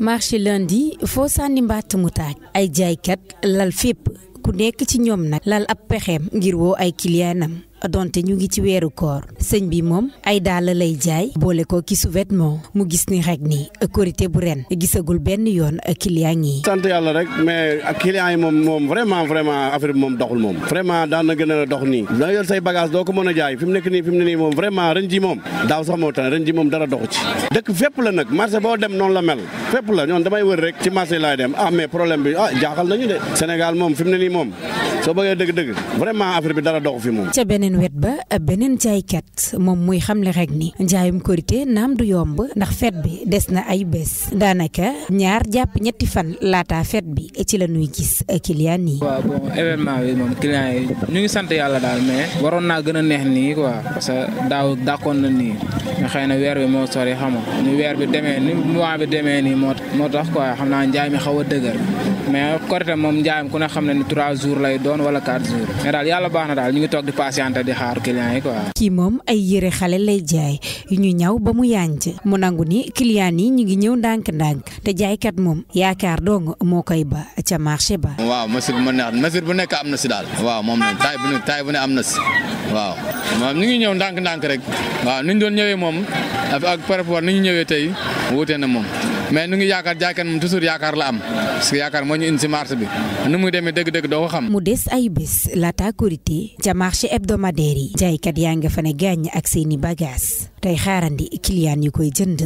marché lundi foo sànni mbatt mu taaj ay jaaykat lal fépp ku nekk ci ñoom nag lal ab pexeem ngir woo ay kiliyaanam donte ñu ngi ci weeru koor sëñ bi moom ay daal la lay jaay boole ko ki sous-vêtement mu gis ni rek ni korité bu ren gisagul benn yoon client yi. sant yàlla rek mais ak client yi moom moom vraiment vraiment moom a dox nii. ko mën a jaay fi mu nekk nii fi mu ne nii moom vraiment ren ji moom la nag marché boo dem noonu la mel fépp la ñoon damay wër rek ci marché laay dem a ah, mais problème bi ah jaaxal nañu de Sénégal moom fi ne nii moom soo bëggee dëgg-dëgg vraiment affaire bi dara doxu fi moom. geneen wet ba beneen jaaykat moom muy xamle rek ni njaayum korité naam du yomb ndax fet bi des na ay bés daanaka ñaar jàpp ñetti fan laata fet bi ci la ñuy gis client yi. waaw bon événement bi moom client yi ñu ngi sant yàlla daal mais waroon naa gën a neex nii quoi parce daaw dàqoon na nii xëy na weer bi moo sori xam nga ni weer bi demee ni mois bi demee nii moo moo tax koy xam naa njaay mi xaw a dëgër mais korité moom njaayam ku ne xam ne ni trois jours lay doon wala quatre jours mais daal yàlla baax na daal ñu ngi toog di patienter pare di xaar client yi quoi. kii moom ay yëre xale lay jaay yu ñu ñaw ba mu yànj mu nangu ni client yi ñu ngi ñëw ndànk-ndànk te jaaykat moom yaakaar dong moo koy ba ca marché ba. waaw mesure bu ma neex mesure bu nekk am na si daal. waaw moom la taay bu ne taay bu ne am na si waaw. moom ñu ngi ñëw ndànk-ndànk rek waaw ni ñu doon ñëwee moom ak par rapport ñu ñëwee tey wuute na moom. mais nu ngi yaakaar jaaykeen moom toujours yaakaar la am parce yaakaar moo ñu indi si marché bi nu muy demee dëgg-dëgg doo ko xam. mu des ay bés laata korité ca marché hebdomadaire yi. jaaykat yaa nga fa ne gaañ ak seeni bagage tey xaarandi client yu koy jënd